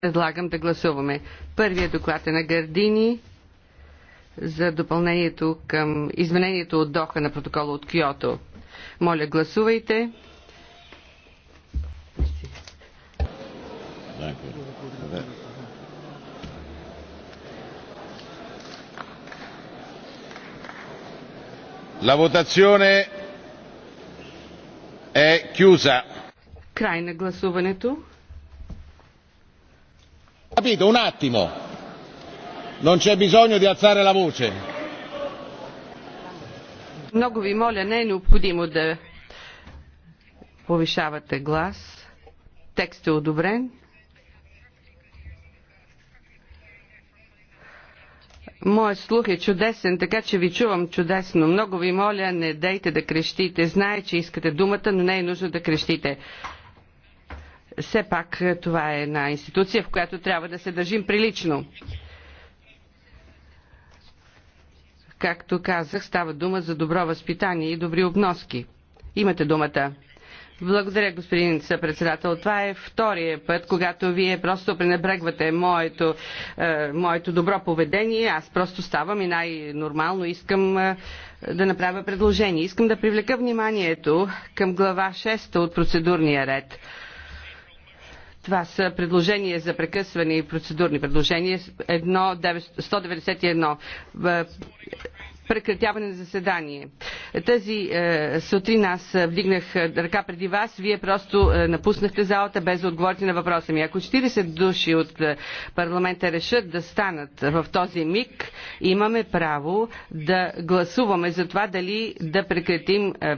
Предлагам да гласуваме. Първият доклад е на Гардини за допълнението към изменението от Доха на протокола от Киото. Моля, гласувайте. La votazione è chiusa. Край на гласуването capito un attimo non c'è bisogno di alzare la voce много ви моля не е необходимо да повишавате глас Текст е одобрен Моят слух е чудесен, така че ви чувам чудесно. Много ви моля, не дейте да крещите. Знае, че искате думата, но не е нужно да крещите все пак е, това е една институция, в която трябва да се държим прилично. Както казах, става дума за добро възпитание и добри обноски. Имате думата. Благодаря, господин съпредседател. Това е втория път, когато вие просто пренебрегвате моето, е, моето добро поведение. Аз просто ставам и най-нормално искам е, да направя предложение. Искам да привлека вниманието към глава 6 от процедурния ред това са предложения за прекъсване и процедурни предложения. 1, 191 прекратяване на заседание. Тази е, сутрин аз вдигнах е, ръка преди вас, вие просто е, напуснахте залата без да отговорите на въпроса ми. Ако 40 души от е, парламента решат да станат в този миг, имаме право да гласуваме за това дали да прекратим е, е,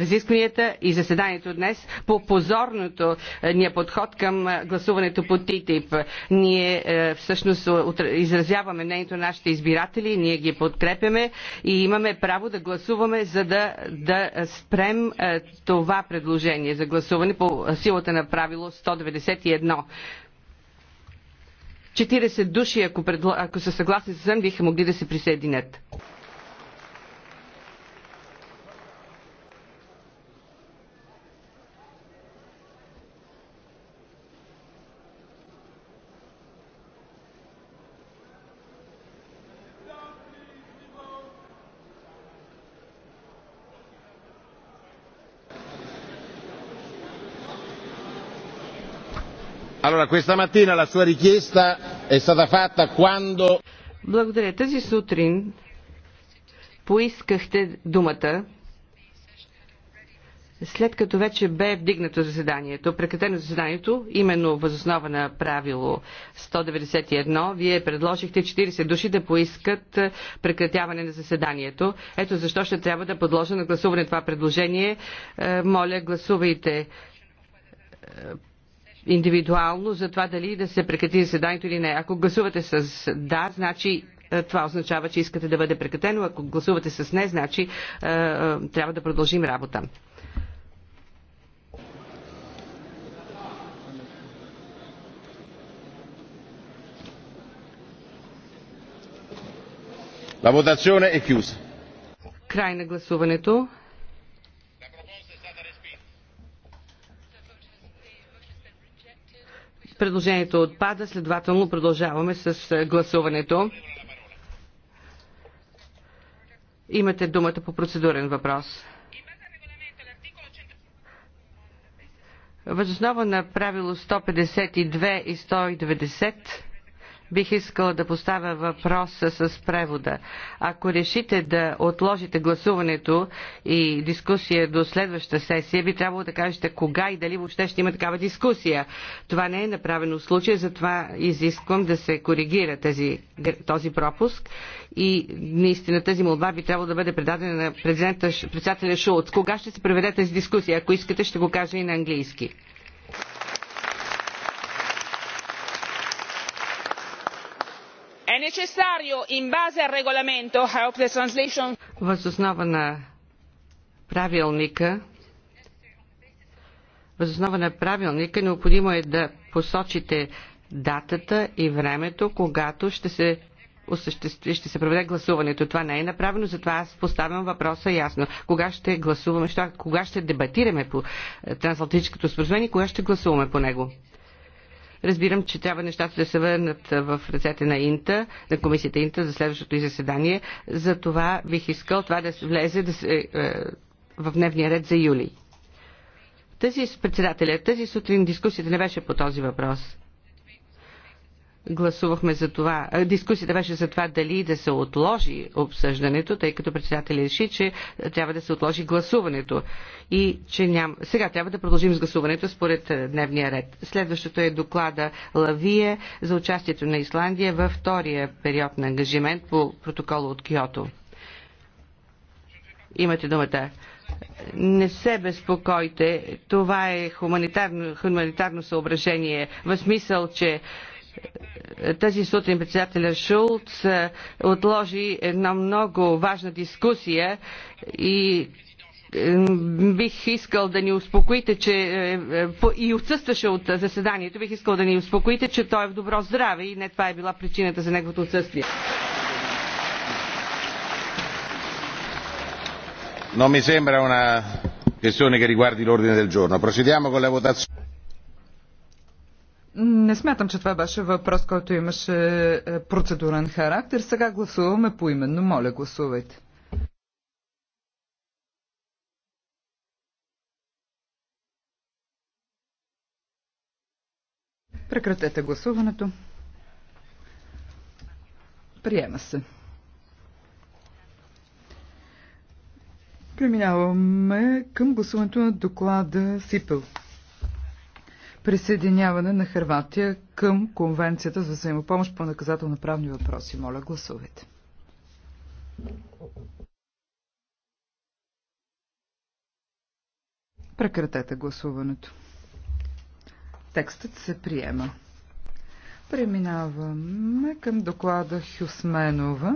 разискванията и заседанието днес по позорното е, ния подход към е, гласуването по ТИТИП. Ние е, всъщност изразяваме мнението на нашите избиратели, ние ги подкрепяме подкрепяме и имаме право да гласуваме, за да, да спрем е, това предложение за гласуване по силата на правило 191. 40 души, ако, предл... ако са съгласни с съм, биха могли да се присъединят. Allora, questa mattina la sua richiesta è stata fatta quando... Благодаря. Тази сутрин поискахте думата, след като вече бе вдигнато заседанието, прекратено заседанието, именно възоснова на правило 191, вие предложихте 40 души да поискат прекратяване на заседанието. Ето защо ще трябва да подложа на гласуване това предложение. Е, моля, гласувайте индивидуално за това дали да се прекрати заседанието или не. Ако гласувате с да, значи е, това означава, че искате да бъде прекратено. Ако гласувате с не, значи е, е, трябва да продължим работа. La votazione è chiusa. Край на гласуването. Предложението отпада, следователно продължаваме с е, гласуването. Имате думата по процедурен въпрос. Възоснова на правило 152 и 190 бих искала да поставя въпроса с превода. Ако решите да отложите гласуването и дискусия до следваща сесия, би трябвало да кажете кога и дали въобще ще има такава дискусия. Това не е направено в случая, затова изисквам да се коригира тези, този пропуск и наистина тази молба би трябвало да бъде предадена на председателя Шулц. Кога ще се проведе тази дискусия? Ако искате, ще го кажа и на английски. Въз основа на правилника основа на правилника необходимо е да посочите датата и времето, когато ще се осъществи, ще се проведе гласуването. Това не е направено, затова аз поставям въпроса ясно. Кога ще гласуваме, кога ще дебатираме по е, трансатлантическото споразумение, кога ще гласуваме по него? Разбирам, че трябва нещата да се върнат в ръцете на Инта, на комисията Инта за следващото и заседание. За това бих искал това да влезе да се, е, в дневния ред за юли. Тази председателя, тази сутрин дискусията не беше по този въпрос гласувахме за това. Дискусията беше за това дали да се отложи обсъждането, тъй като председателя реши, че трябва да се отложи гласуването. И че ням... Сега трябва да продължим с гласуването според дневния ред. Следващото е доклада Лавие за участието на Исландия във втория период на ангажимент по протокола от Киото. Имате думата. Не се безпокойте. Това е хуманитарно, хуманитарно съображение. В смисъл, че тази сутрин председателя Шулц е, отложи една много важна дискусия и е, бих искал да ни успокоите, че е, и отсъстваше от заседанието, бих искал да ни успокоите, че той е в добро здраве и не това е била причината за неговото отсъствие. Non mi sembra una questione che riguardi l'ordine del giorno. Procediamo con la votazione. Не смятам, че това беше въпрос, който имаше е, процедурен характер. Сега гласуваме поименно. Моля, гласувайте. Прекратете гласуването. Приема се. Преминаваме към гласуването на доклада СИПЕЛ присъединяване на Хърватия към Конвенцията за взаимопомощ по наказателно-правни въпроси. Моля, гласувайте. Прекратете гласуването. Текстът се приема. Преминаваме към доклада Хюсменова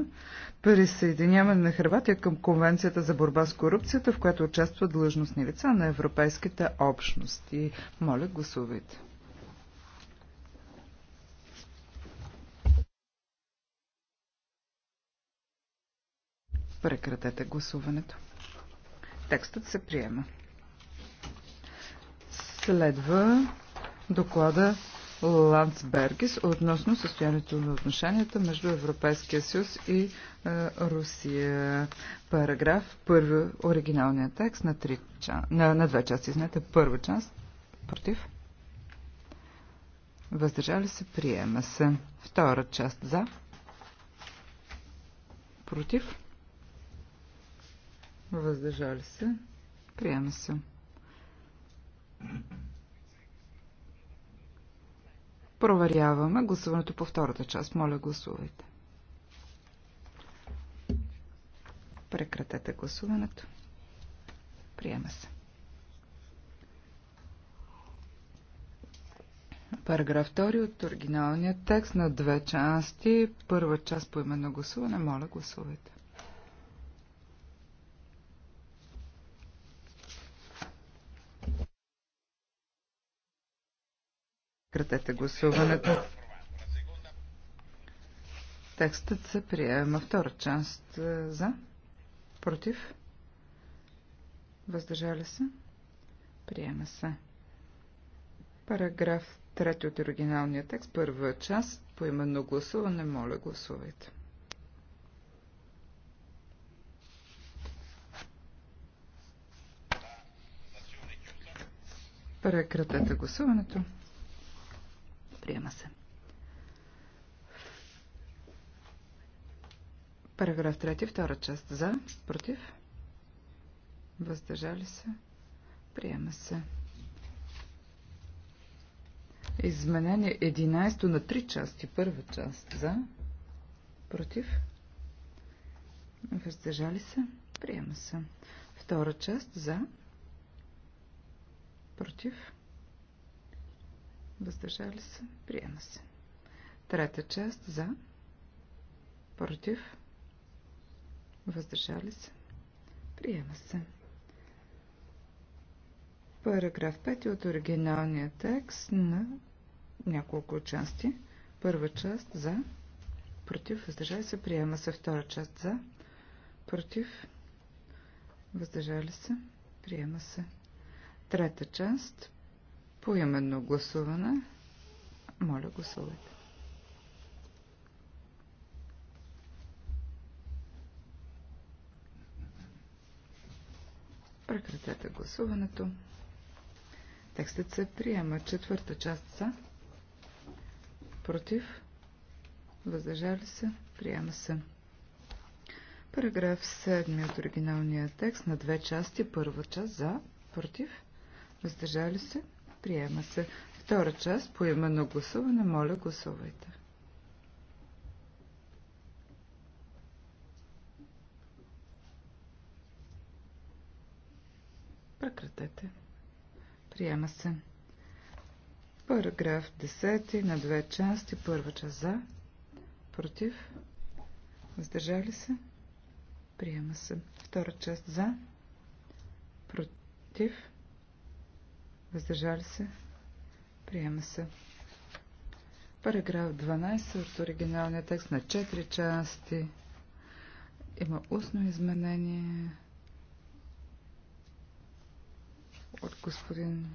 присъединяване на Хрватия към Конвенцията за борба с корупцията, в която участват длъжностни лица на европейските общности. Моля, гласувайте. Прекратете гласуването. Текстът се приема. Следва доклада Ландсбергис относно състоянието на отношенията между Европейския съюз и е, Русия. Параграф първи, оригиналният текст на, три, на, на две части. Знаете, първа част против. Въздържали се, приема се. Втора част за. Против. Въздържали се, приема се. Проверяваме гласуването по втората част. Моля, гласувайте. Прекратете гласуването. Приема се. Параграф 2 от оригиналния текст на две части. Първа част по именно гласуване. Моля, гласувайте. Кратете гласуването. Текстът се приема. Втора част е, за. Против. Въздържали се. Приема се. Параграф 3 от оригиналния текст. Първа част. По именно гласуване. Моля, гласувайте. Прекратете гласуването. Приема се. Параграф 3, втора част. За, против, въздържали се, приема се. Изменение 11 на 3 части. Първа част. За, против, въздържали се, приема се. Втора част. За, против, Въздържали се. Приема се. Трета част за. Против. Въздържали се. Приема се. Параграф 5 е от оригиналния текст на няколко части. Първа част за. Против. Въздържали се. Приема се. Втора част за. Против. Въздържали се. Приема се. Трета част Поименно гласуване. Моля, гласувайте. Прекратете гласуването. Текстът се приема. Четвърта част са. Против. Въздържали се. Приема се. Параграф 7 от оригиналния текст на две части. Първа част за. Против. Въздържали се приема се. Втора част, по именно гласуване, моля гласувайте. Прекратете. Приема се. Параграф 10 на две части. Първа част за, против, въздържали се. Приема се. Втора част за, против, Въздържали се. Приема се. Параграф 12 от оригиналния текст на 4 части. Има устно изменение от господин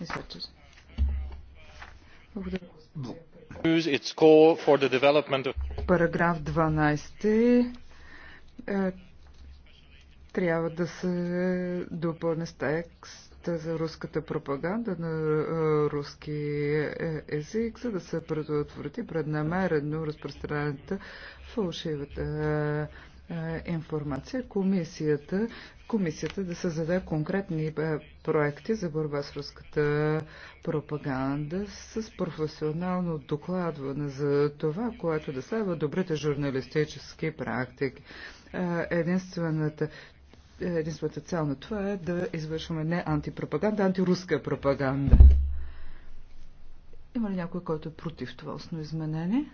Исачев. Благодаря, господин. Параграф 12 е, трябва да се допълне с текст за руската пропаганда на руски е, език, за да се предотврати преднамерено разпространената фалшивата информация. Комисията, комисията да създаде конкретни проекти за борба с руската пропаганда с професионално докладване за това, което да следва добрите журналистически практики единствената единствената цел на това е да извършваме не антипропаганда, а антируска пропаганда. Има ли някой, който е против това основно изменение?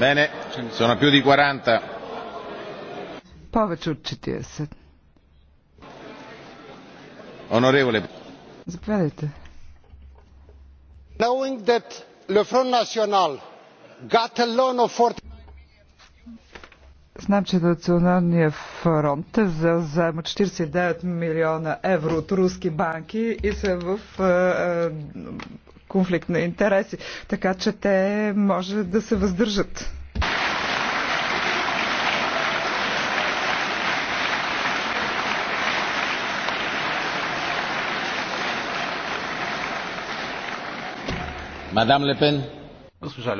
Bene, sono più di 40. Повече от 40. Онореволе. Заповядайте. Knowing that Le Front National got a loan of 40 Знам, че Националният фронт е взел заем от 49 милиона евро от руски банки и са в е, е, конфликт на интереси. Така че те може да се въздържат. Мадам Ле Госпожа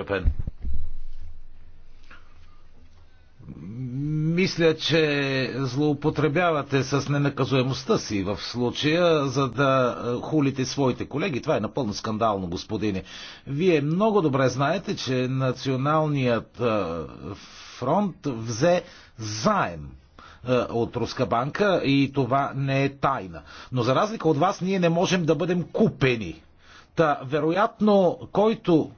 Мисля, че злоупотребявате с ненаказуемостта си в случая, за да е, хулите своите колеги. Това е напълно скандално, господине. Вие много добре знаете, че Националният е, фронт взе заем е, от Руска банка и това не е тайна. Но за разлика от вас, ние не можем да бъдем купени Та, вероятно, който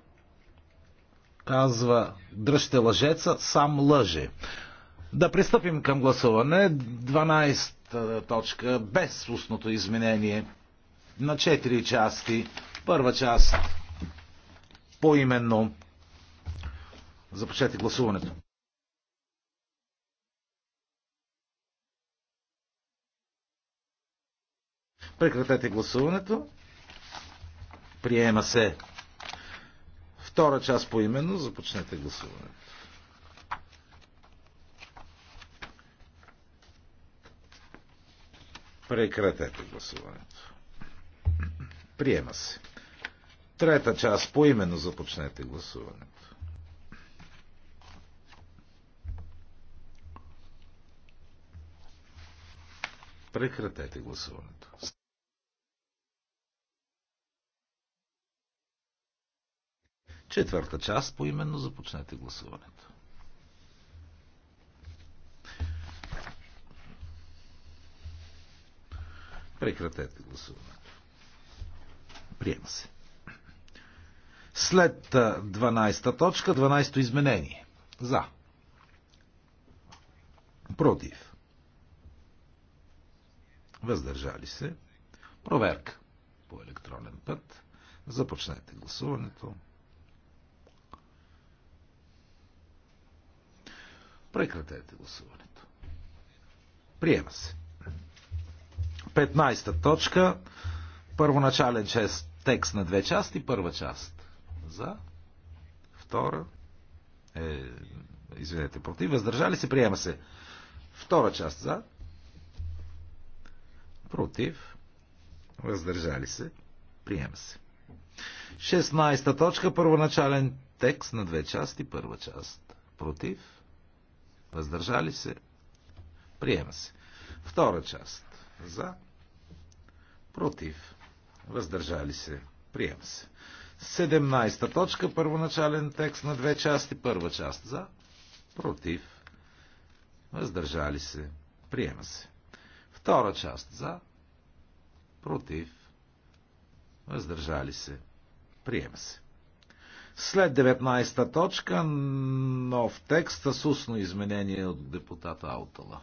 казва дръжте лъжеца, сам лъже. Да пристъпим към гласуване. 12 точка без устното изменение на 4 части. Първа част поименно. Започнете гласуването. Прекратете гласуването. Приема се. Втора част по именно. Започнете гласуването. Прекратете гласуването. Приема се. Трета част по именно започнете гласуването. Прекратете гласуването. Четвърта част, по именно започнете гласуването. Прекратете гласуването. Приема се. След 12-та точка, 12-то изменение. За. Против. Въздържали се. Проверка по електронен път. Започнете гласуването. Прекратете гласуването. Приема се. 15 та точка. Първоначален чест, текст на две части. Първа част за. Втора. Е, извинете, против. Въздържали се. Приема се. Втора част за. Против. Въздържали се. Приема се. 16 та точка. Първоначален текст на две части. Първа част. Против Въздържали се? Приема се. Втора част. За. Против. Въздържали се. Приема се. 17 точка. Първоначален текст на две части. Първа част. За. Против. Въздържали се. Приема се. Втора част. За. Против. Въздържали се. Приема се. След 19-та точка, нов текст с устно изменение от депутата Аутала.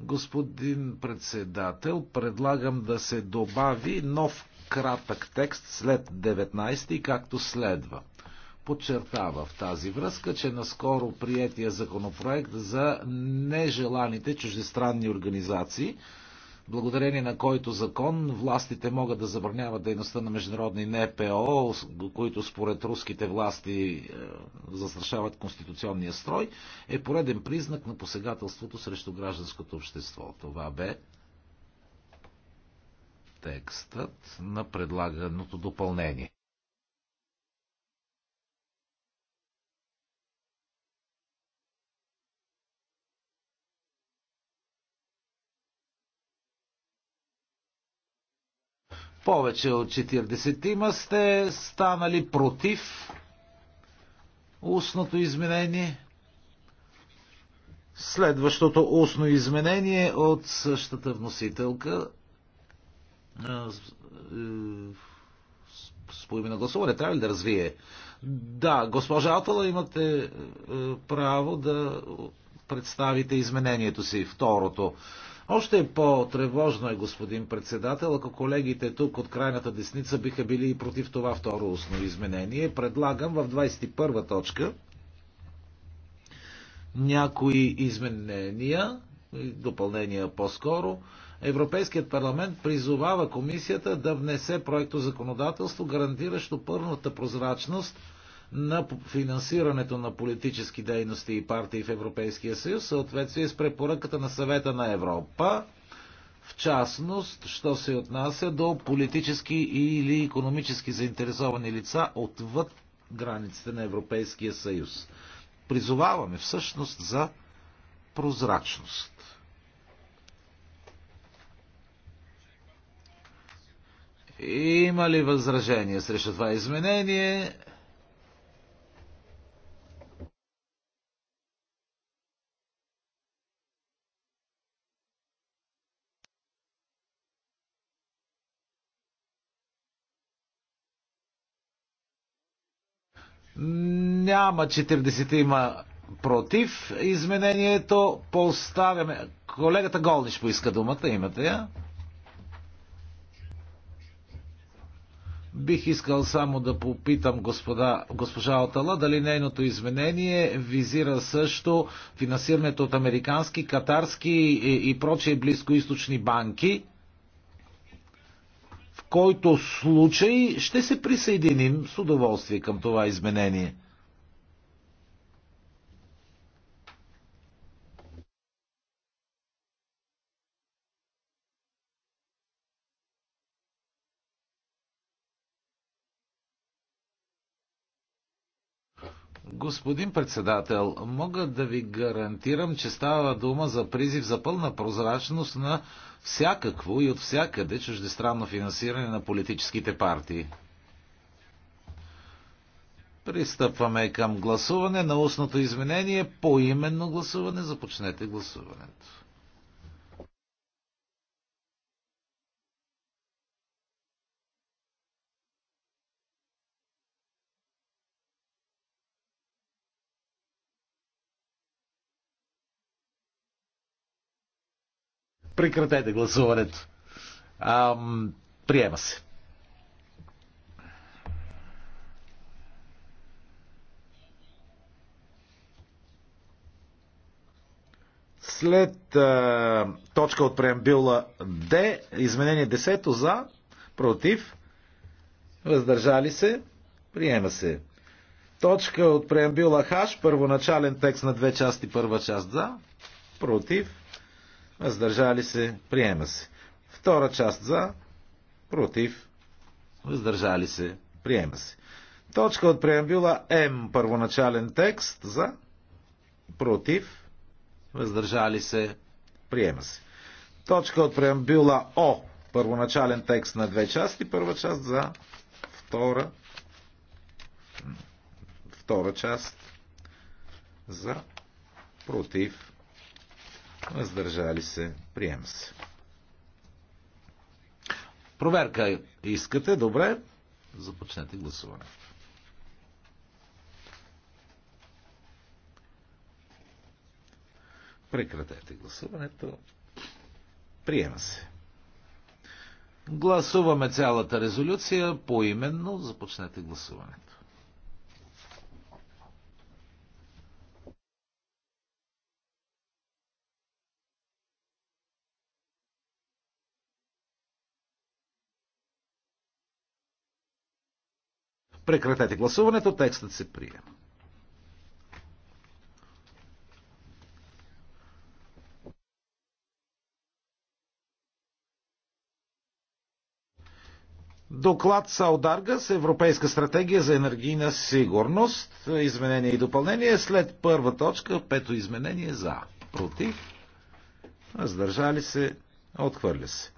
Господин председател, предлагам да се добави нов кратък текст след 19 както следва. Подчертава в тази връзка, че наскоро приятия законопроект за нежеланите чуждестранни организации – благодарение на който закон властите могат да забраняват дейността на международни НПО, които според руските власти е, застрашават конституционния строй, е пореден признак на посегателството срещу гражданското общество. Това бе текстът на предлаганото допълнение. Повече от 40 има сте станали против устното изменение. Следващото устно изменение е от същата вносителка с е, поиме на гласуване трябва ли да развие? Да, госпожа Атала, имате е, право да представите изменението си, второто. Още е по-тревожно е, господин председател, ако колегите тук от крайната десница биха били и против това второ устно изменение. Предлагам в 21 точка някои изменения, допълнения по-скоро, Европейският парламент призовава комисията да внесе проекто законодателство, гарантиращо пълната прозрачност на финансирането на политически дейности и партии в Европейския съюз съответствие с препоръката на съвета на Европа, в частност, що се отнася до политически или економически заинтересовани лица отвъд границите на Европейския съюз. Призоваваме всъщност за прозрачност. Има ли възражение срещу това изменение? Няма 40 има против изменението. Поставяме. Колегата Голниш поиска думата. Имате я. Бих искал само да попитам господа, госпожа Отала дали нейното изменение визира също финансирането от американски, катарски и, и прочие близкоисточни банки, в който случай ще се присъединим с удоволствие към това изменение. Господин председател, мога да ви гарантирам, че става дума за призив за пълна прозрачност на всякакво и от всякъде чуждестранно финансиране на политическите партии. Пристъпваме към гласуване на устното изменение. По именно гласуване започнете гласуването. Прекратете гласуването. Ам, приема се. След а, точка от преамбюла Д, изменение 10 за, против, въздържали се, приема се. Точка от преамбюла Х, първоначален текст на две части, първа част за, против, въздържали се, приема се. Втора част за, против, въздържали се, приема се. Точка от преамбюла М, първоначален текст за, против, въздържали се, приема се. Точка от преамбюла О, първоначален текст на две части, първа част за, втора, втора част за, против, Въздържали се. Приема се. Проверка искате. Добре. Започнете гласуването. Прекратете гласуването. Приема се. Гласуваме цялата резолюция поименно. Започнете гласуването. Прекратете гласуването, текстът се приема. Доклад Саударга с Европейска стратегия за енергийна сигурност. Изменение и допълнение след първа точка, пето изменение за. Против. Раздържали се. Отхвърля се.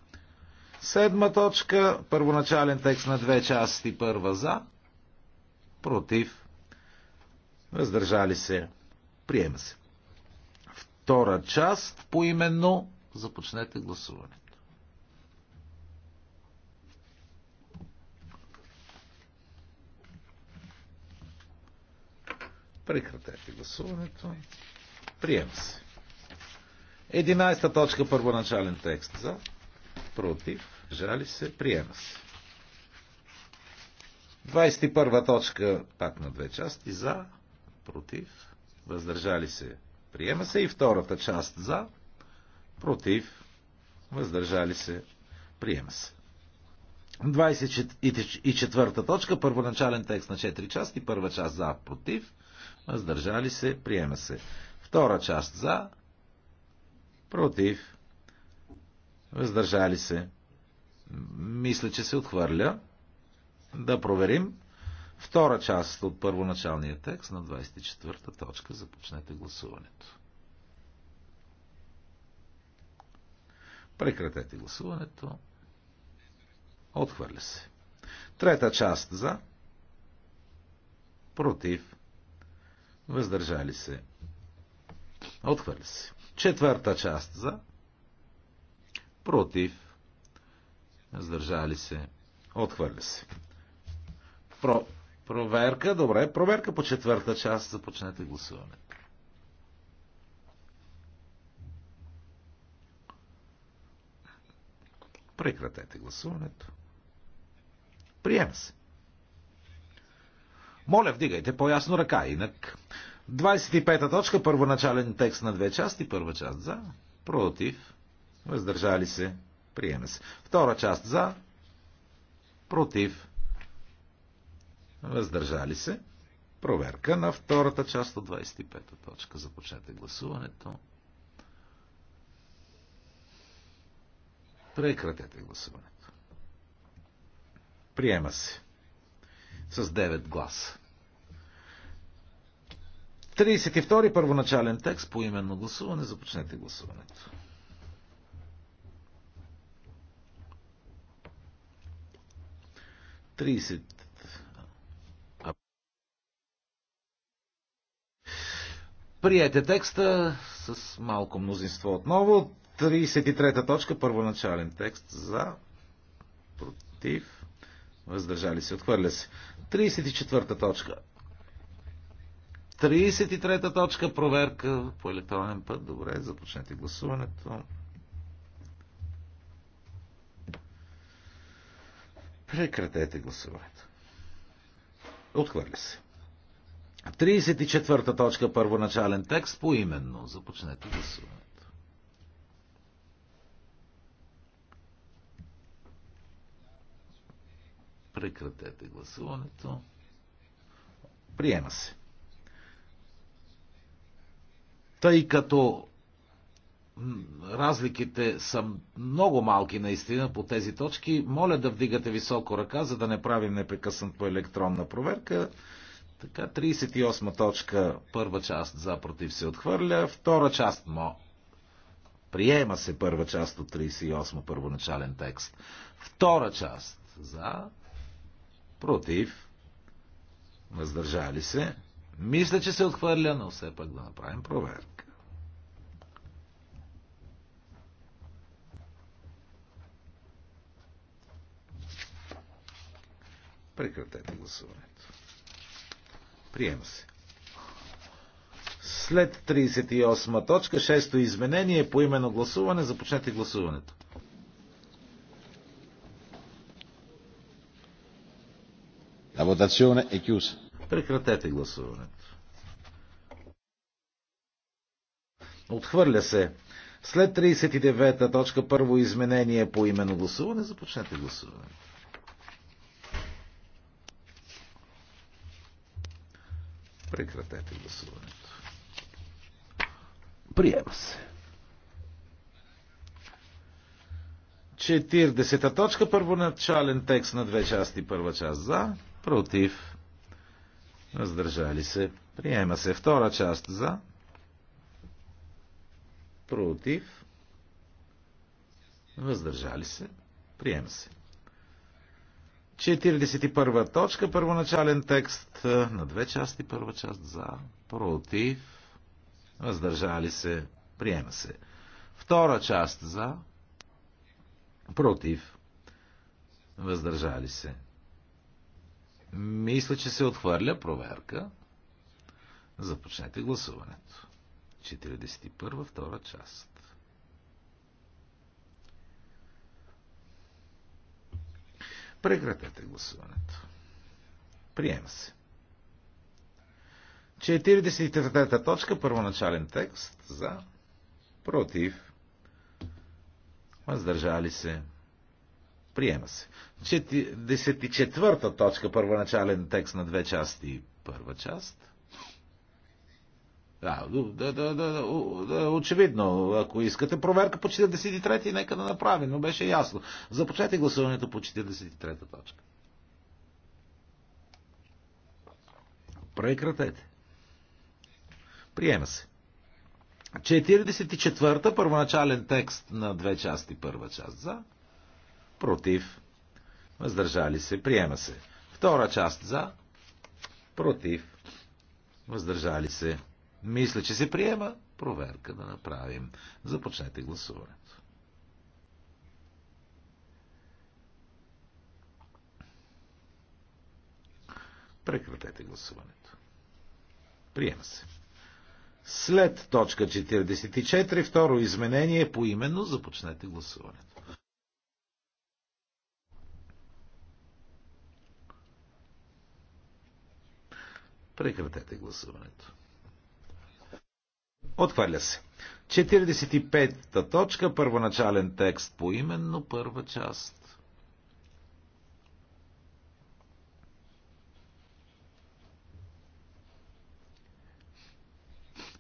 Седма точка, първоначален текст на две части, първа за против, въздържали се, приема се. Втора част по именно започнете гласуването. Прекратете гласуването. Приема се. 11 точка първоначален текст за. Против. Жали се. Приема се. 21 точка, пак на две части, за, против, въздържали се, приема се и втората част за, против, въздържали се, приема се. 24 точка, първоначален текст на 4 части, първа част за, против, въздържали се, приема се. Втора част за, против, въздържали се. Мисля, че се отхвърля. Да проверим. Втора част от първоначалния текст на 24-та точка. Започнете гласуването. Прекратете гласуването. Отхвърля се. Трета част за. Против. Въздържали се. Отхвърля се. Четвърта част за. Против. Въздържали се. Отхвърля се. Про, проверка, добре, проверка по четвърта част, започнете гласуване. Прекратете гласуването. Приема се. Моля, вдигайте по-ясно ръка, инак. 25-та точка, първоначален текст на две части. Първа част за, против, въздържали се, приема се. Втора част за, против, Въздържали се. Проверка на втората част от 25-та точка. Започнете гласуването. Прекратете гласуването. Приема се. С 9 гласа. 32-и първоначален текст по именно гласуване. Започнете гласуването. Тридесет Приете текста с малко мнозинство отново. 33-та точка, първоначален текст за, против, въздържали се, отхвърля се. 34-та точка. 33-та точка, проверка по електронен път. Добре, започнете гласуването. Прекратете гласуването. Отхвърля се. 34-та точка, първоначален текст, поименно. Започнете гласуването. Прекратете гласуването. Приема се. Тъй като разликите са много малки наистина по тези точки, моля да вдигате високо ръка, за да не правим непрекъснато електронна проверка. Така, 38 точка, първа част за против се отхвърля, втора част мо. Приема се първа част от 38 първоначален текст. Втора част за против въздържали се. Мисля, че се отхвърля, но все пак да направим проверка. Прекратете гласуването. Приема се. След 38 точка, 6 то изменение по именно гласуване, започнете гласуването. La votazione è chiusa. Прекратете гласуването. Отхвърля се. След 39-та точка първо изменение по именно гласуване, започнете гласуването. Прекратете гласуването. Приема се. 40-та точка, първоначален текст на две части, първа част за, против, въздържали се. Приема се втора част за, против, въздържали се. Приема се. 41 точка, първоначален текст е, на две части, първа част за, против, въздържали се, приема се. Втора част за, против, въздържали се. Мисля, че се отхвърля проверка. Започнете гласуването. 41 втора част. Прекратете гласуването. Приема се. 43-та точка, първоначален текст за, против, въздържали се, приема се. 44-та точка, първоначален текст на две части, първа част, да, да, да, да, да, очевидно, ако искате проверка по 43-ти, нека да направим, но беше ясно. Започнете гласуването по 43-та точка. Прекратете. Приема се. 44-та, първоначален текст на две части, първа част за, против, въздържали се, приема се. Втора част за, против, въздържали се, мисля, че се приема. Проверка да направим. Започнете гласуването. Прекратете гласуването. Приема се. След точка 44, второ изменение по именно започнете гласуването. Прекратете гласуването. Отхвърля се. 45-та точка, първоначален текст по именно първа част.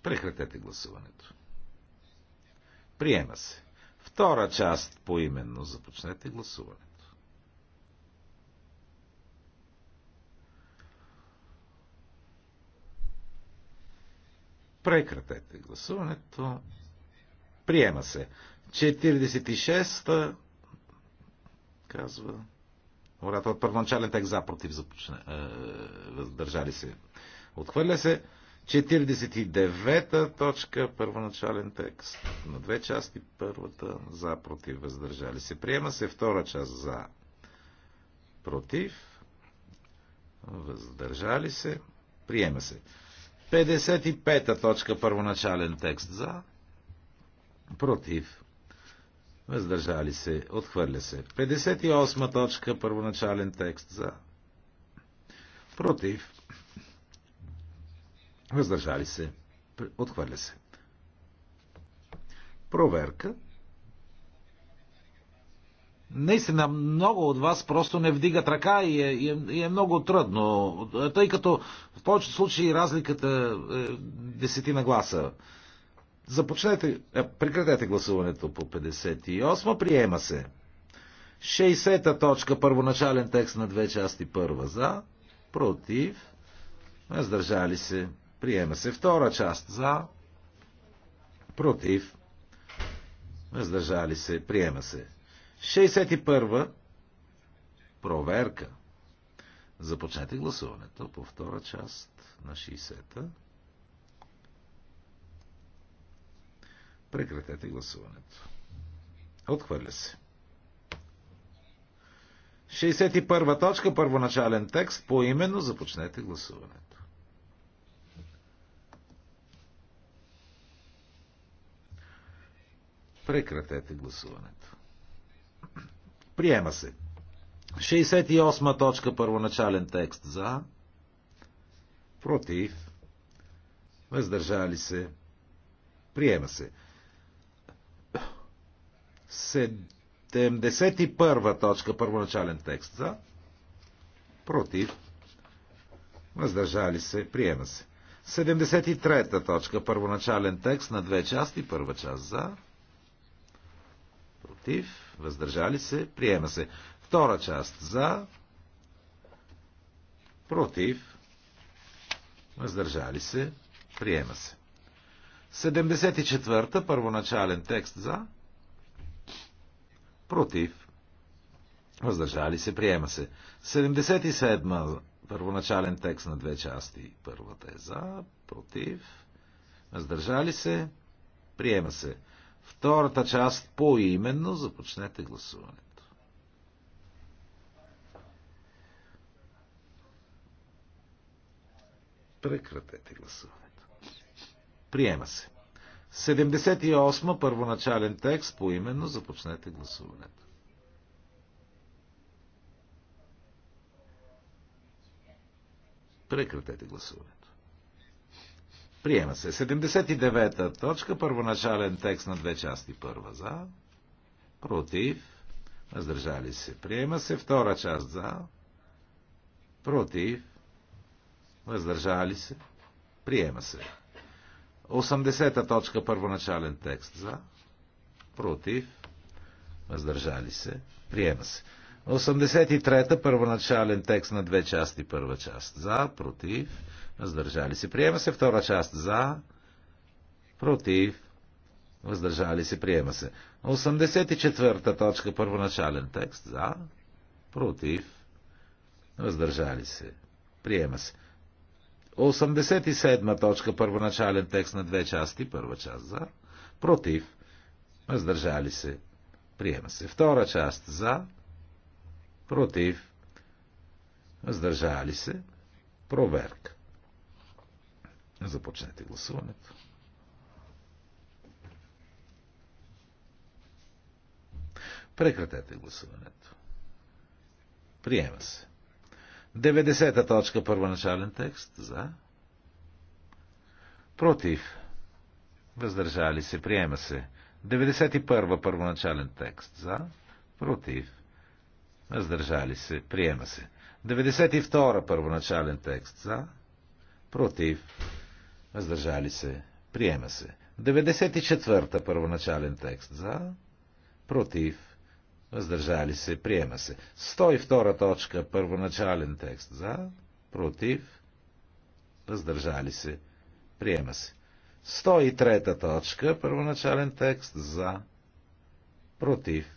Прекратете гласуването. Приема се. Втора част по именно започнете гласуване. Прекратете гласуването. Приема се. 46-та казва от първоначален текст за против започне, е, въздържали се. Отхвърля се. 49-та точка, първоначален текст. На две части, първата за, против, въздържали се. Приема се втора част за, против, въздържали се. Приема се. 55-та точка, първоначален текст за, против, въздържали се, отхвърля се. 58 точка, първоначален текст за, против, въздържали се, отхвърля се. Проверка Наистина, много от вас просто не вдигат ръка и е, и е, и е много трудно, тъй като в повечето случаи разликата е десетина гласа. Започнете, е, прекратете гласуването по 58, приема се. 60-та точка, първоначален текст на две части, първа за, против, въздържали се, приема се. Втора част за, против, въздържали се, приема се. 61. Проверка. Започнете гласуването по втора част на 60-та. Прекратете гласуването. Отхвърля се. 61 точка, първоначален текст, по именно започнете гласуването. Прекратете гласуването. Приема се. 68 точка първоначален текст за. Против. Въздържали се. Приема се. 71 точка първоначален текст за. Против. Въздържали се. Приема се. 73 точка първоначален текст на две части. Първа част за. Против въздържали се, приема се. Втора част за, против, въздържали се, приема се. 74-та, първоначален текст за, против, въздържали се, приема се. 77-ма, първоначален текст на две части, първата е за, против, въздържали се, приема се. Втората част по-именно започнете гласуването. Прекратете гласуването. Приема се. 78 първоначален текст по именно започнете гласуването. Прекратете гласуването. Приема се. 79-та точка, първоначален текст на две части. Първа за, против, въздържали се. Приема се втора част за, против, въздържали се. Приема се. 80-та точка, първоначален текст за, против, въздържали се. Приема се. 83-та първоначален текст на две части. Първа част за, против, въздържали се. Приема се втора част за, против, въздържали се. Приема се. 84-та точка първоначален текст за, против, въздържали се. Приема се. 87 точка първоначален текст на две части. Първа част за, против, въздържали се. Приема се. Втора част за, против, въздържали се, проверка. Започнете гласуването. Прекратете гласуването. Приема се. 90-та точка, първоначален текст. За. Против. Въздържали се. Приема се. 91-ва, първоначален текст. За. Против. Въздържали се. Приема се. 92 първоначален текст. За. Против. Въздържали се. Приема се. 94-та първоначален текст. За. Против. Въздържали се. Приема се. 102 точка първоначален текст. За. Против. Въздържали се. Приема се. 103 точка първоначален текст. За. Против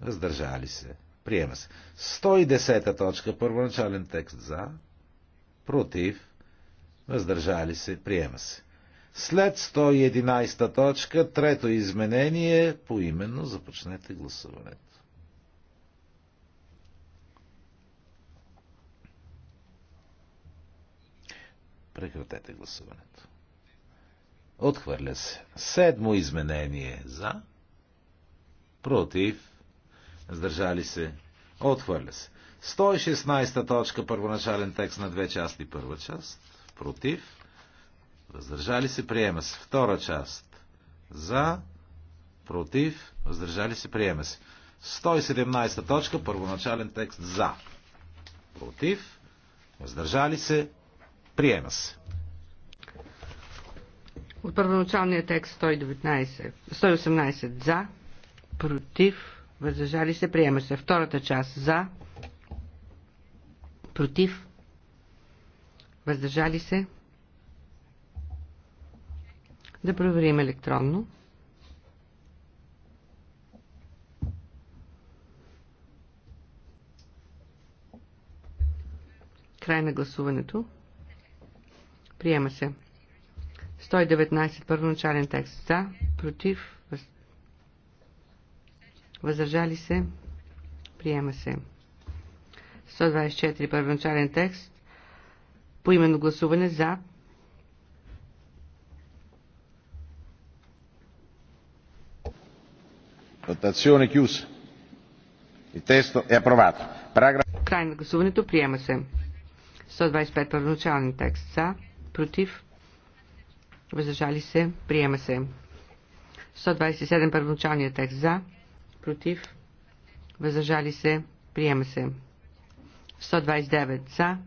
Въздържали се. Приема се. 110 та точка. Първоначален текст за. Против. Въздържали се. Приема се. След 111 точка, трето изменение, поименно започнете гласуването. Прекратете гласуването. Отхвърля се. Седмо изменение за. Против. Сдържали се. Отхвърля се. 116 точка, първоначален текст на две части. Първа част. Против. Въздържали се, приема се. Втора част. За. Против. Въздържали се, приема се. 117 точка, първоначален текст. За. Против. Въздържали се, приема се. От първоначалния текст 119, 118 за, против, въздържали се, приема се. Втората част за, против, въздържали се. Да проверим електронно. Край на гласуването. Приема се. 119 първоначален текст за, против, въздържали се, приема се. 124 първоначален текст, по именно гласуване за, Votazione кюс. И тесто е апровато. Параграф... Край на гласуването приема се. 125 първоначален текст за, против, въздържали се, приема се. 127 първоначалният текст за, против, въздържали се, приема се. 129 за,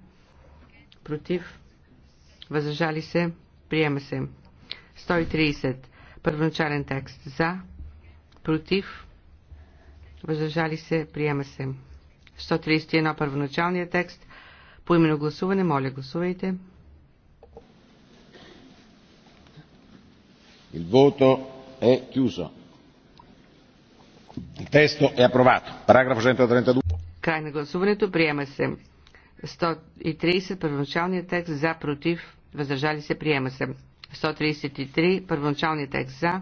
против, въздържали се, приема се. 130. Първоначален текст за, против, въздържали се, приема се. 131 първоначалния текст. По именно гласуване, моля гласувайте. Il voto è chiuso. Тесто е апровато. Параграф 132. Край на гласуването. Приема се. 130. Първоначалният текст за, против, въздържали се. Приема се. 133. Първоначалният текст за,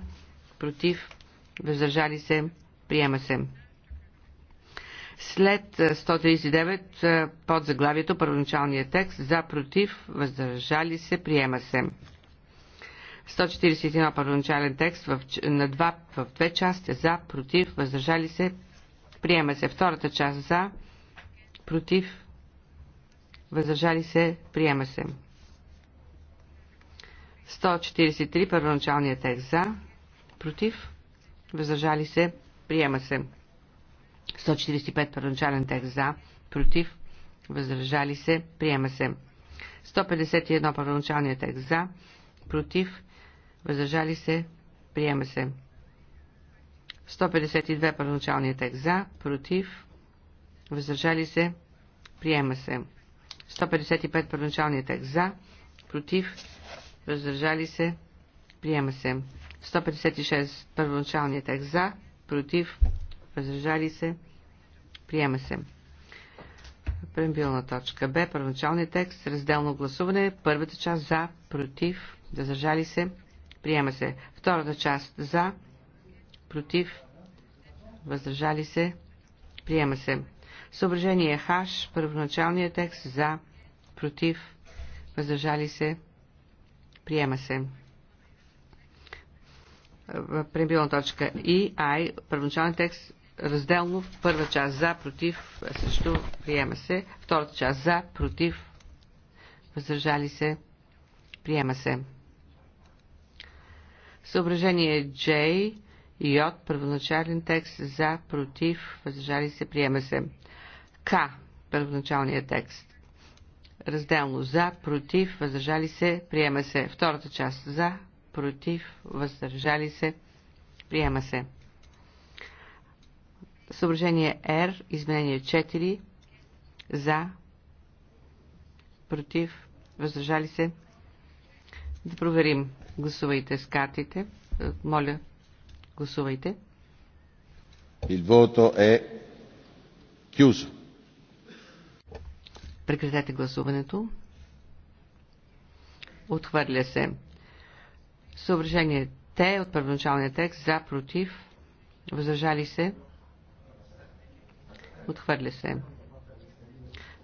против, въздържали се. Приема се. След 139 под заглавието първоначалният текст за против въздържали се приема се. 141 първоначален текст в, на два, в две части за, против, въздържали се, приема се. Втората част за, против, въздържали се, приема се. 143 първоначалният текст за, против, въздържали се, приема се. 145 първоначален текст за, против, въздържали се, приема се. 151 първоначалният текст за, против, въздържали се, приема се. 152 първоначалният текст за, против, въздържали се, приема се. 155 първоначалният текст за, против, въздържали се, приема се. 156 първоначалният текст за, против, въздържали се, приема се. Прембилна точка Б. Първоначалният текст. Разделно гласуване. Първата част за, против, въздържали се, Приема се. Втората част. За. Против. Въздържали се. Приема се. Съображение Хаш. Първоначалният текст. За. Против. Въздържали се. Приема се. Пребилна точка И, Ай, първоначалният текст, разделно първа част за, против, също приема се. Втората част за, против, въздържали се, приема се. Съображение J и J, първоначален текст за, против, въздържали се, приема се. К, първоначалния текст. Разделно за, против, въздържали се, приема се. Втората част за, против, въздържали се, приема се. Съображение R, изменение 4, за, против, въздържали се. Да проверим. Гласувайте с картите. Е, моля, гласувайте. Il voto è chiuso. Прекратете гласуването. Отхвърля се. Съображение Т от първоначалния текст за, против, възражали се. Отхвърля се.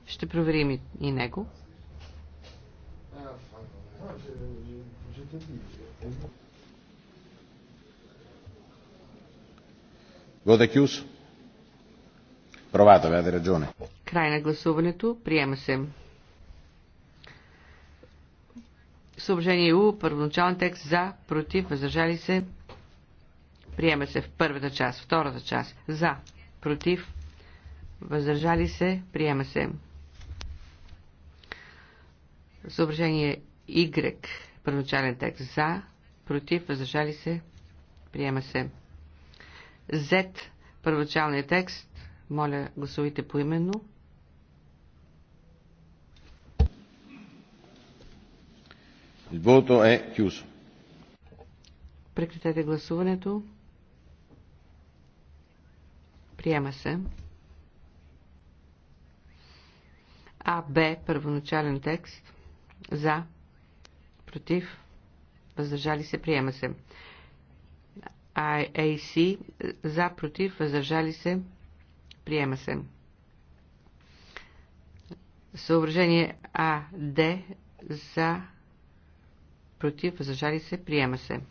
Ще проверим и, и него. Voto chiuso. Provato, avevate ragione. Край на гласуването. Приема се. Съобщение У. Първоначален текст за, против, въздържали се. Приема се в първата част, втората част. За, против, въздържали се. Приема се. Съобщение Y Първоначален текст за, против, въздържали се, приема се. Z, първоначалният текст, моля гласувайте поименно. Il е è chiuso. Прекратете гласуването. Приема се. А, Б, първоначален текст. За против, въздържали се, приема се. IAC за, против, въздържали се, приема се. Съображение АД за, против, въздържали се, приема се.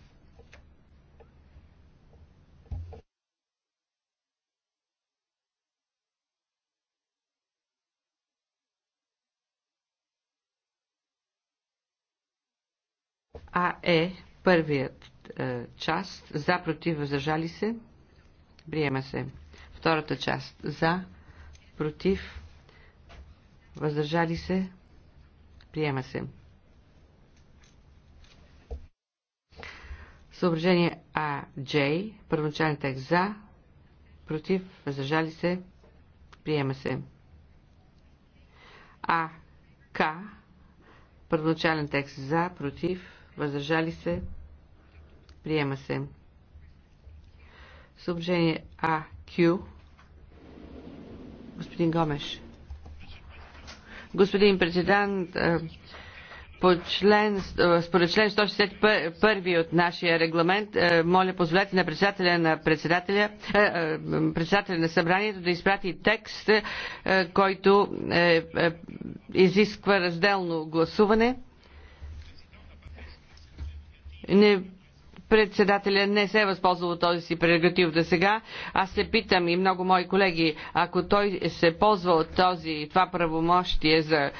А Е, първият е, част, за, против, въздържали се, приема се. Втората част, за, против, въздържали се, приема се. Съображение А, Джей. първоначален текст за, против, въздържали се, приема се. А, К, първоначален текст за, против, въздържали се, приема се. Съобщение АК. Господин Гомеш. Господин президент, е, по член, е, според член 161 от нашия регламент, е, моля позволете на председателя на председателя, председателя на събранието да изпрати текст, който изисква разделно гласуване не председателя не се е възползвал този си прерогатив до сега. Аз се питам и много мои колеги, ако той се е ползвал от този, това правомощие за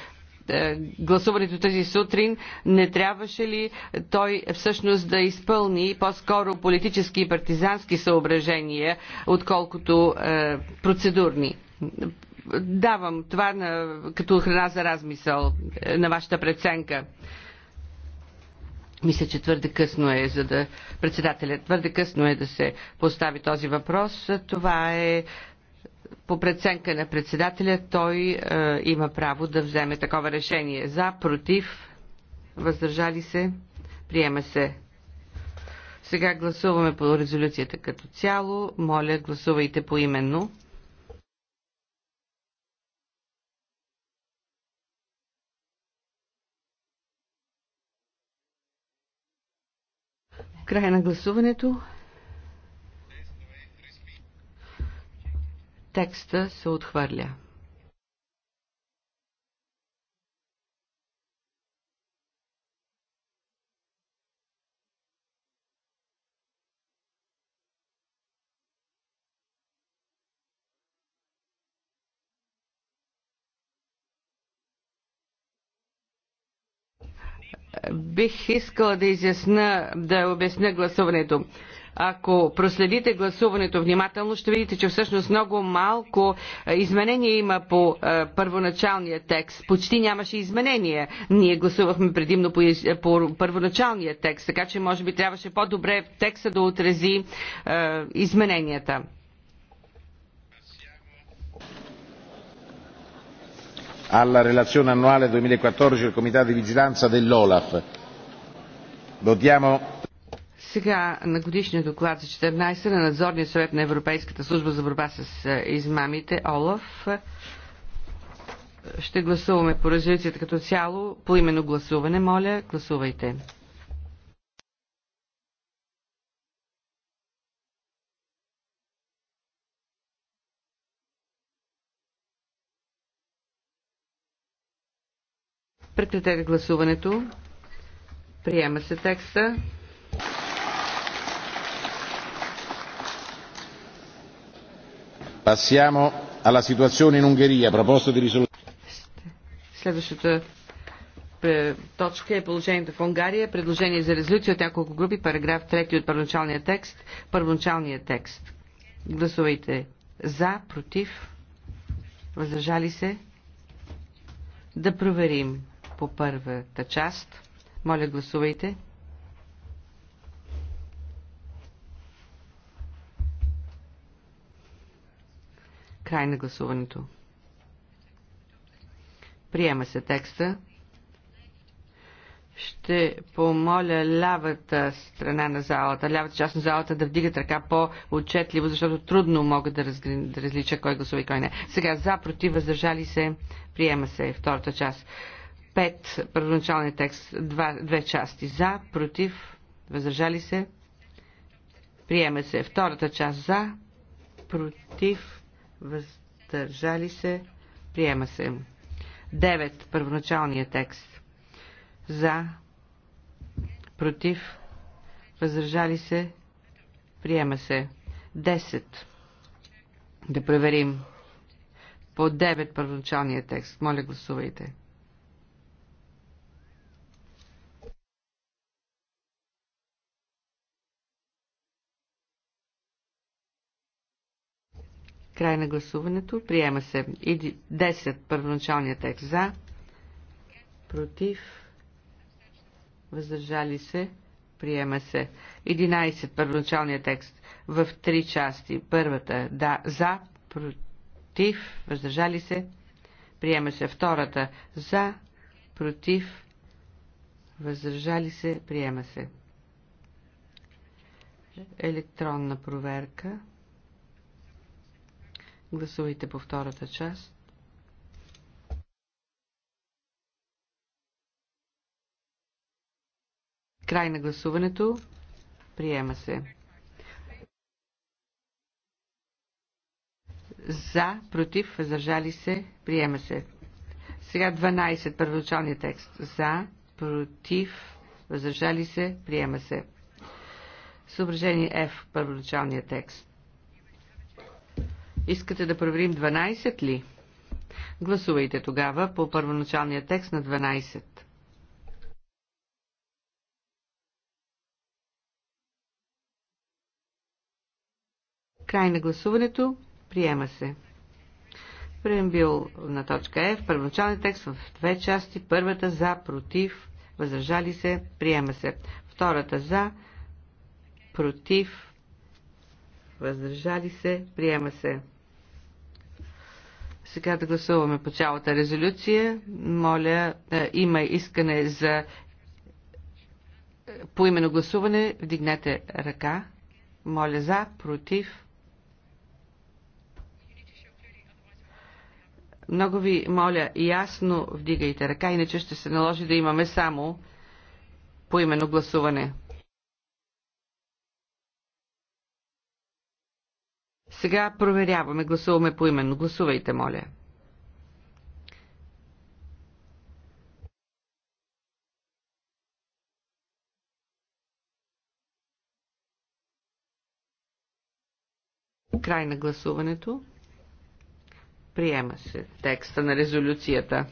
е, гласуването тази сутрин, не трябваше ли той всъщност да изпълни по-скоро политически и партизански съображения, отколкото е, процедурни? Давам това на, като храна за размисъл е, на вашата преценка. Мисля, че твърде късно е, за да председателя, твърде късно е да се постави този въпрос. Това е по преценка на председателя, той е, има право да вземе такова решение. За, против, въздържали се, приема се. Сега гласуваме по резолюцията като цяло. Моля, гласувайте поименно. Край на гласуването. Текста се отхвърля. Бих искала да изясна, да обясня гласуването. Ако проследите гласуването внимателно, ще видите, че всъщност много малко изменения има по първоначалния текст. Почти нямаше изменения. Ние гласувахме предимно по, по първоначалния текст, така че може би трябваше по-добре текста да отрази е, измененията. alla relazione annuale duemilaquattordici del comitato di vigilanza dell'olaf. сега на годишния доклад за 14 на надзорния съвет на Европейската служба за борба с е, измамите ОЛАФ. Ще гласуваме по резолюцията като цяло. По именно гласуване, моля, гласувайте. Прекратете гласуването. Приема се текста. Passiamo alla situazione in Ungheria. Proposta di risoluzione. Следващата е, точка е положението в Унгария. Предложение за резолюция от няколко групи. Параграф 3 от първоначалния текст. Първоначалния текст. Гласувайте за, против, въздържали се. Да проверим по първата част. Моля, гласувайте. Край на гласуването. Приема се текста. Ще помоля лявата страна на залата, лявата част на залата да вдигат ръка по-отчетливо, защото трудно мога да, разгр... да различа кой гласува и кой не. Сега за, против, въздържали се, приема се втората част. Пет първоначалния текст, два, две части за, против, възражали се, приема се. Втората част за, против, въздържали се, приема се. 9, първоначалния текст, за, против, въздържали се, приема се. Десет. Да проверим. По 9 първоначалния текст. Моля, гласувайте. Край на гласуването. Приема се 10 първоначалния текст за, против, въздържали се, приема се 11 първоначалния текст в три части. Първата да, за, против, въздържали се, приема се втората за, против, въздържали се, приема се. Електронна проверка. Гласувайте по втората част. Край на гласуването. Приема се. За, против, въздържали се. Приема се. Сега 12, първоначалния текст. За, против, въздържали се. Приема се. Съображение F, първоначалния текст. Искате да проверим 12 ли? Гласувайте тогава по първоначалния текст на 12. Край на гласуването. Приема се. Преамбил на точка Е в първоначалния текст в две части. Първата за, против, възражали се, приема се. Втората за, против, въздържали се, приема се. Сега да гласуваме по цялата резолюция. Моля, е, има искане за е, поимено гласуване. Вдигнете ръка. Моля за, против. Много ви моля, ясно вдигайте ръка, иначе ще се наложи да имаме само именно гласуване. Сега проверяваме, гласуваме по именно. Гласувайте, моля. Край на гласуването. Приема се текста на резолюцията.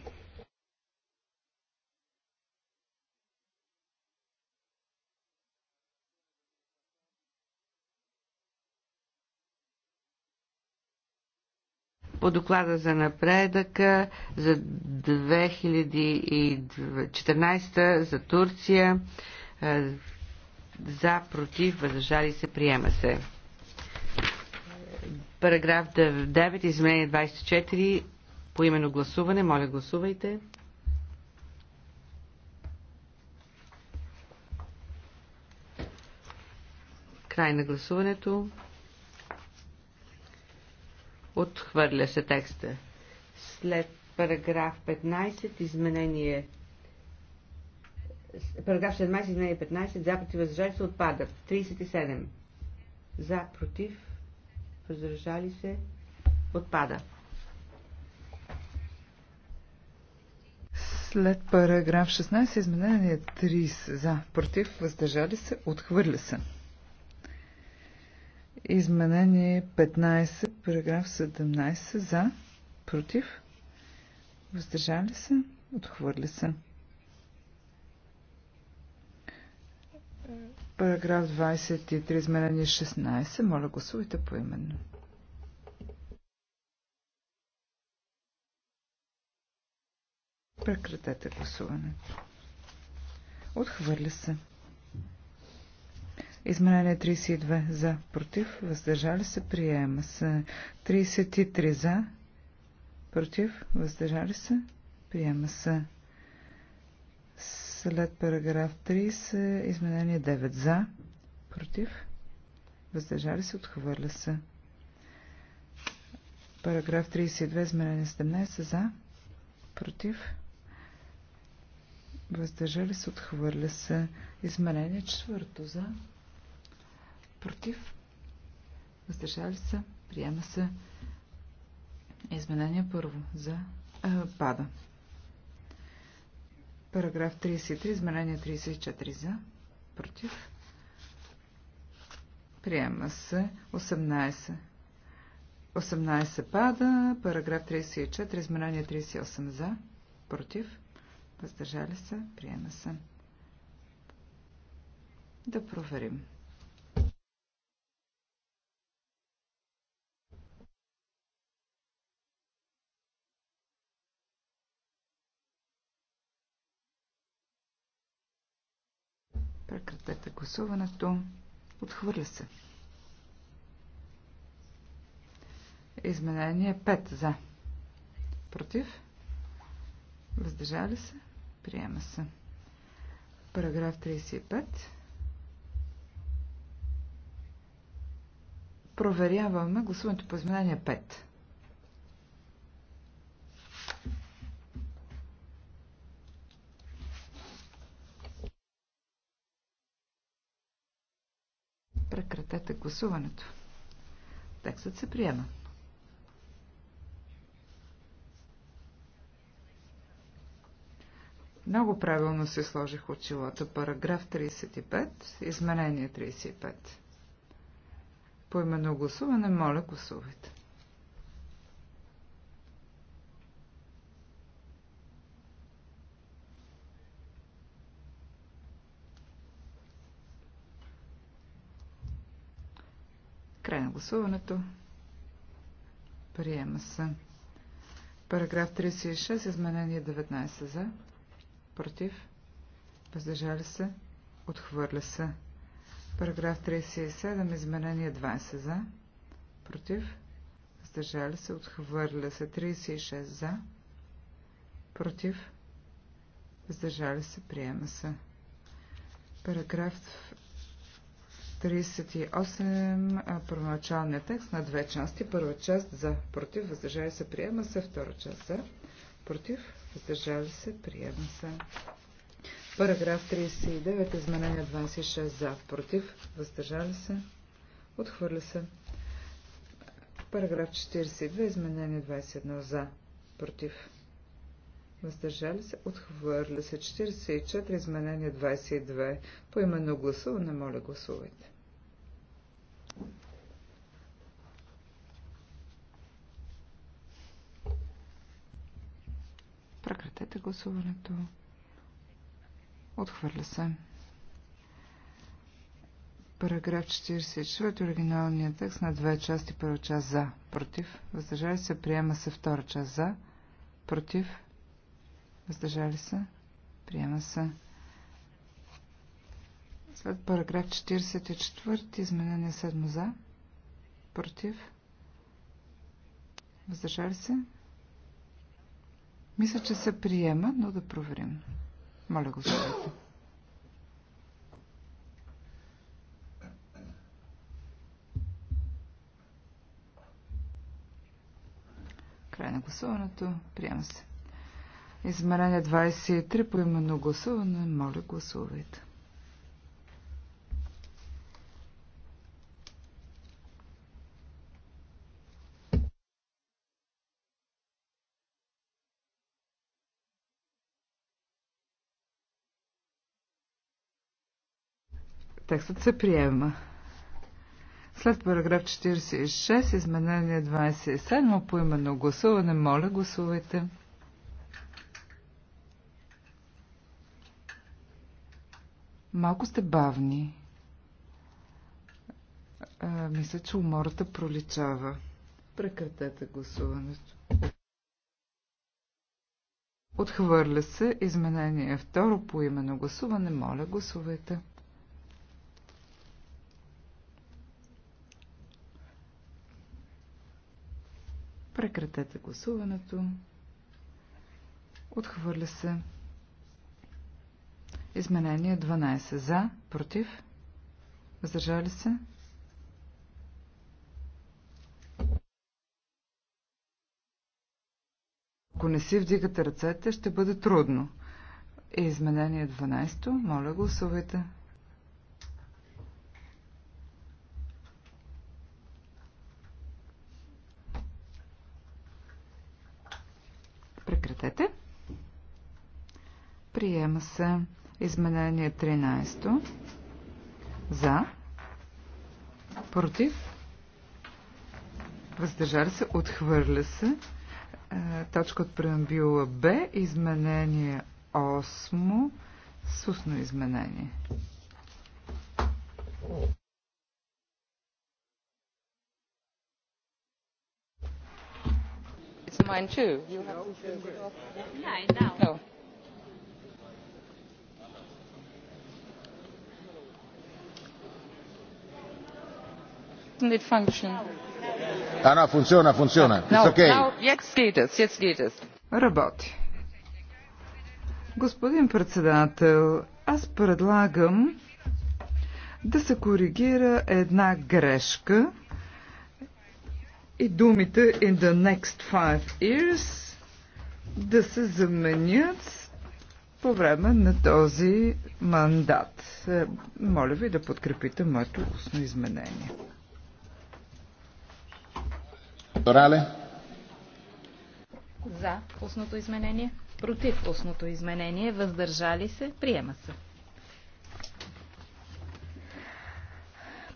по доклада за напредъка за 2014 за Турция е, за, против, въздържали се, приема се. Параграф 9, изменение 24, по именно гласуване. Моля, гласувайте. Край на гласуването. Отхвърля се текста. След параграф 15, изменение... Параграф 17, изменение 15, за против въздържали се отпадат. 37. За против въздържали се отпада. След параграф 16, изменение 30 за против въздържали се отхвърля се. Изменение 15, параграф 17 за, против, въздържали се, отхвърли се. Параграф 23, изменение 16. Моля, гласувайте поименно. Прекратете гласуването. Отхвърля се. Изменение 32 за, против, въздържали се, приема се. 33 за, против, въздържали се, приема се. След параграф 30, изменение 9 за, против, въздържали се, отхвърля се. Параграф 32, изменение 17 за, против, въздържали се, отхвърля се. Изменение четвърто за, против, въздържали се, приема се. Изменение първо за а, пада. Параграф 33, изменение 34 за, против, приема се 18. 18 пада, параграф 34, изменение 38 за, против, въздържали се, приема се. Да проверим. Прекратете гласуването. Отхвърля се. Изменение 5 за. Против. Въздържали се. Приема се. Параграф 35. Проверяваме гласуването по изменение 5. нататък гласуването. Текстът се приема. Много правилно се сложих очилата. Параграф 35, изменение 35. По именно гласуване, моля, гласувайте. Край на гласуването. Приема се. Параграф 36, изменение 19 за. Против. Въздържали се. Отхвърля се. Параграф 37, изменение 20 за. Против. Въздържали се. Отхвърля се. 36 за. Против. Въздържали се. Приема се. Параграф 38, първоначалният текст на две части. Първа част за, против, въздържали се, приема се. Втора част за, против, въздържали се, приема се. Параграф 39, изменение 26 за, против, въздържали се, отхвърля се. Параграф 42, изменение 21 за, против, въздържали се, отхвърля се. 44 изменение 22. По именно гласуване, моля гласувайте. Прекратете гласуването. Отхвърля се. Параграф 44, оригиналният текст на две части, първа част за, против, въздържали се, приема се втора част за, против, Въздържали се. Приема се. След параграф 44, изменение 7 за. Против. Въздържали се. Мисля, че се приема, но да проверим. Моля, го. Край на гласуването. Приема се. Измерение 23 по именно гласуване. Моля, гласувайте. Текстът се приема. След параграф 46, изменение 27, по именно гласуване, моля гласувайте. Малко сте бавни. А, мисля, че умората проличава. Прекратете гласуването. Отхвърля се изменение второ по именно гласуване. Моля, гласувайте. Прекратете гласуването. Отхвърля се. Изменение 12. За, против, въздържали се. Ако не си вдигате ръцете, ще бъде трудно. И изменение 12. Моля, гласувайте. Прекратете. Приема се. Изменение 13. За. Против. Въздържали се. Отхвърля се. Е, точка от преамбюла Б. Изменение 8. Сусно изменение. mine too. You have to... No, now. No. didn't it function? Ah, no, It's okay. Now, Работи. Господин председател, аз предлагам да се коригира една грешка и думите in the next five years да се заменят по време на този мандат. Е, моля ви да подкрепите моето устно изменение. Орале. За устното изменение. Против устното изменение. Въздържали се. Приема се.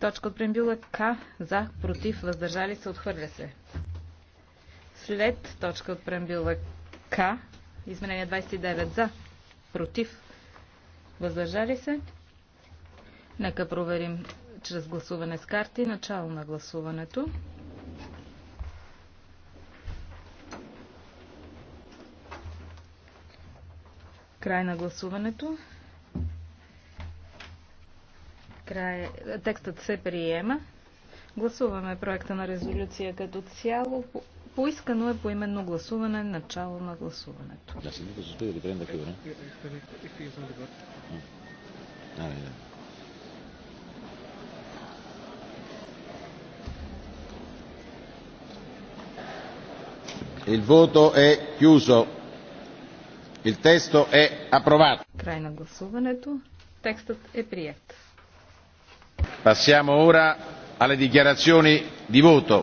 Точка от прембюла К. За. Против. Въздържали се. Отхвърля се. След точка от прембюла К. Изменение 29. За. Против. Въздържали се. Нека проверим чрез гласуване с карти начало на гласуването. Край на гласуването. Край... Текстът се приема. Гласуваме проекта на резолюция като цяло. Поискано е поименно гласуване, начало на гласуването. Да, сега се заспи да приемем такива, не? Да, да. Il voto è chiuso. Il testo è approvato. Край на гласуването. Текстът е прият. Passiamo ora alle dichiarazioni di voto.